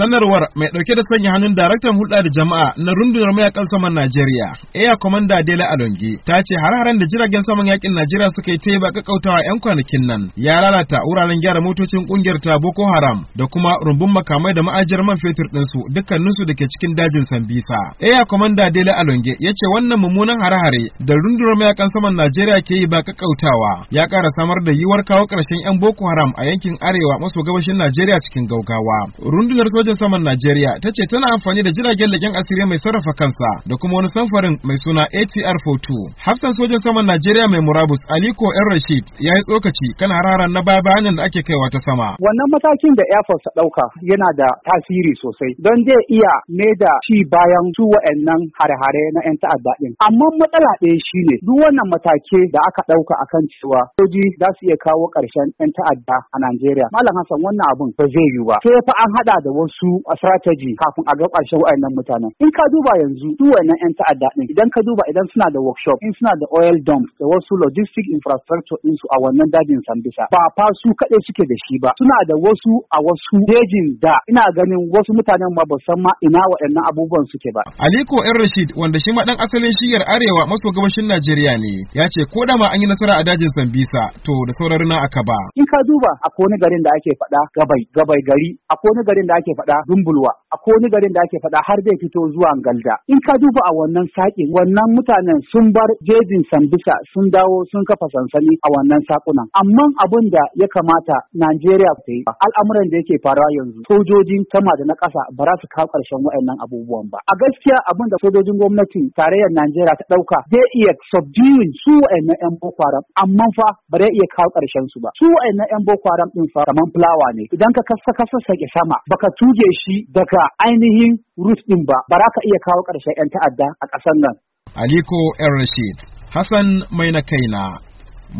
Sanarwar mai ɗauke da sanya hannun daraktan hulɗa da jama'a na rundunar mayakan saman Najeriya, Air Commander Dela Alongi, ta ce har-haren da jiragen saman yakin Najeriya suka yi ta ba kakkautawa 'yan kwanakin nan ya lalata wuraren gyara motocin ƙungiyar ta Boko Haram da kuma rumbun makamai da ma'ajiyar man fetur ɗinsu dukkaninsu da ke cikin dajin Sambisa. Air Commander Dela Alonge ya ce wannan mummunan hare-hare da rundunar mayakan saman Najeriya ke yi ba kakkautawa ya ƙara samar da yiwuwar kawo ƙarshen 'yan Boko Haram a yankin arewa maso gabashin Najeriya cikin gaugawa. Rundunar soja sojin saman Najeriya ta ce tana amfani da jiragen leƙen asiri mai sarrafa kansa da kuma wani samfarin mai suna ATR-42. Hafsan sojan saman Najeriya mai murabus Aliko ‘yan Rashid ya yi tsokaci kana hararan na baya bayanin da ake kaiwa ta sama. Wannan matakin da Air Force ta ɗauka yana da tasiri sosai don zai iya me da ci bayan su wa'annan hare-hare na 'yan ta'adda ɗin. Amma matsala ɗaya shine duk wannan matake da aka ɗauka akan cewa soji za su iya kawo ƙarshen 'yan ta'adda a Najeriya. Malam Hassan wannan abun ba zai yiwu ba. Sai fa an haɗa da wasu su a strategy kafin a ga ƙarshen wayannan mutanen in ka duba yanzu su wayannan yan ta'adda ɗin idan ka duba idan suna da workshop in suna da oil dump da wasu logistic infrastructure din su a wannan dajin sambisa ba fa su kaɗai suke da shi ba suna da wasu a wasu dejin da ina ganin wasu mutanen ma ba san ma ina waɗannan abubuwan suke ba Aliko yan Rashid wanda shi ma ɗan asalin shiyar arewa maso gabashin Najeriya ne ya ce ko da ma an yi nasara a dajin sambisa to da sauraron na aka ba in ka duba akwai wani garin da ake faɗa gabai gabai gari akwai wani garin da ake faɗa dumbulwa a wani garin da ake faɗa har zai fito zuwa galda in ka duba a wannan sakin wannan mutanen sun bar jejin sambisa sun dawo sun kafa sansani a wannan sakunan amma abin da ya kamata Najeriya ta yi al'amuran da yake faruwa yanzu sojojin sama da na ƙasa ba za su kawo ƙarshen waɗannan abubuwan ba a gaskiya abin da sojojin gwamnatin tarayyar Najeriya ta ɗauka zai iya subduing su waɗannan ƴan Boko Haram amma fa ba zai iya kawo ƙarshen su ba su waɗannan ƴan Boko Haram ɗin fa kaman fulawa ne idan ka kasa kasa sake sama baka tu buge shi daga ainihin rus ɗin ba ba ka iya kawo ƙarshen 'yan ta'adda a ƙasar nan. Aliko El Rashid Hassan Mai na kaina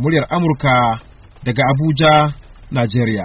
muryar Amurka daga Abuja, Najeriya.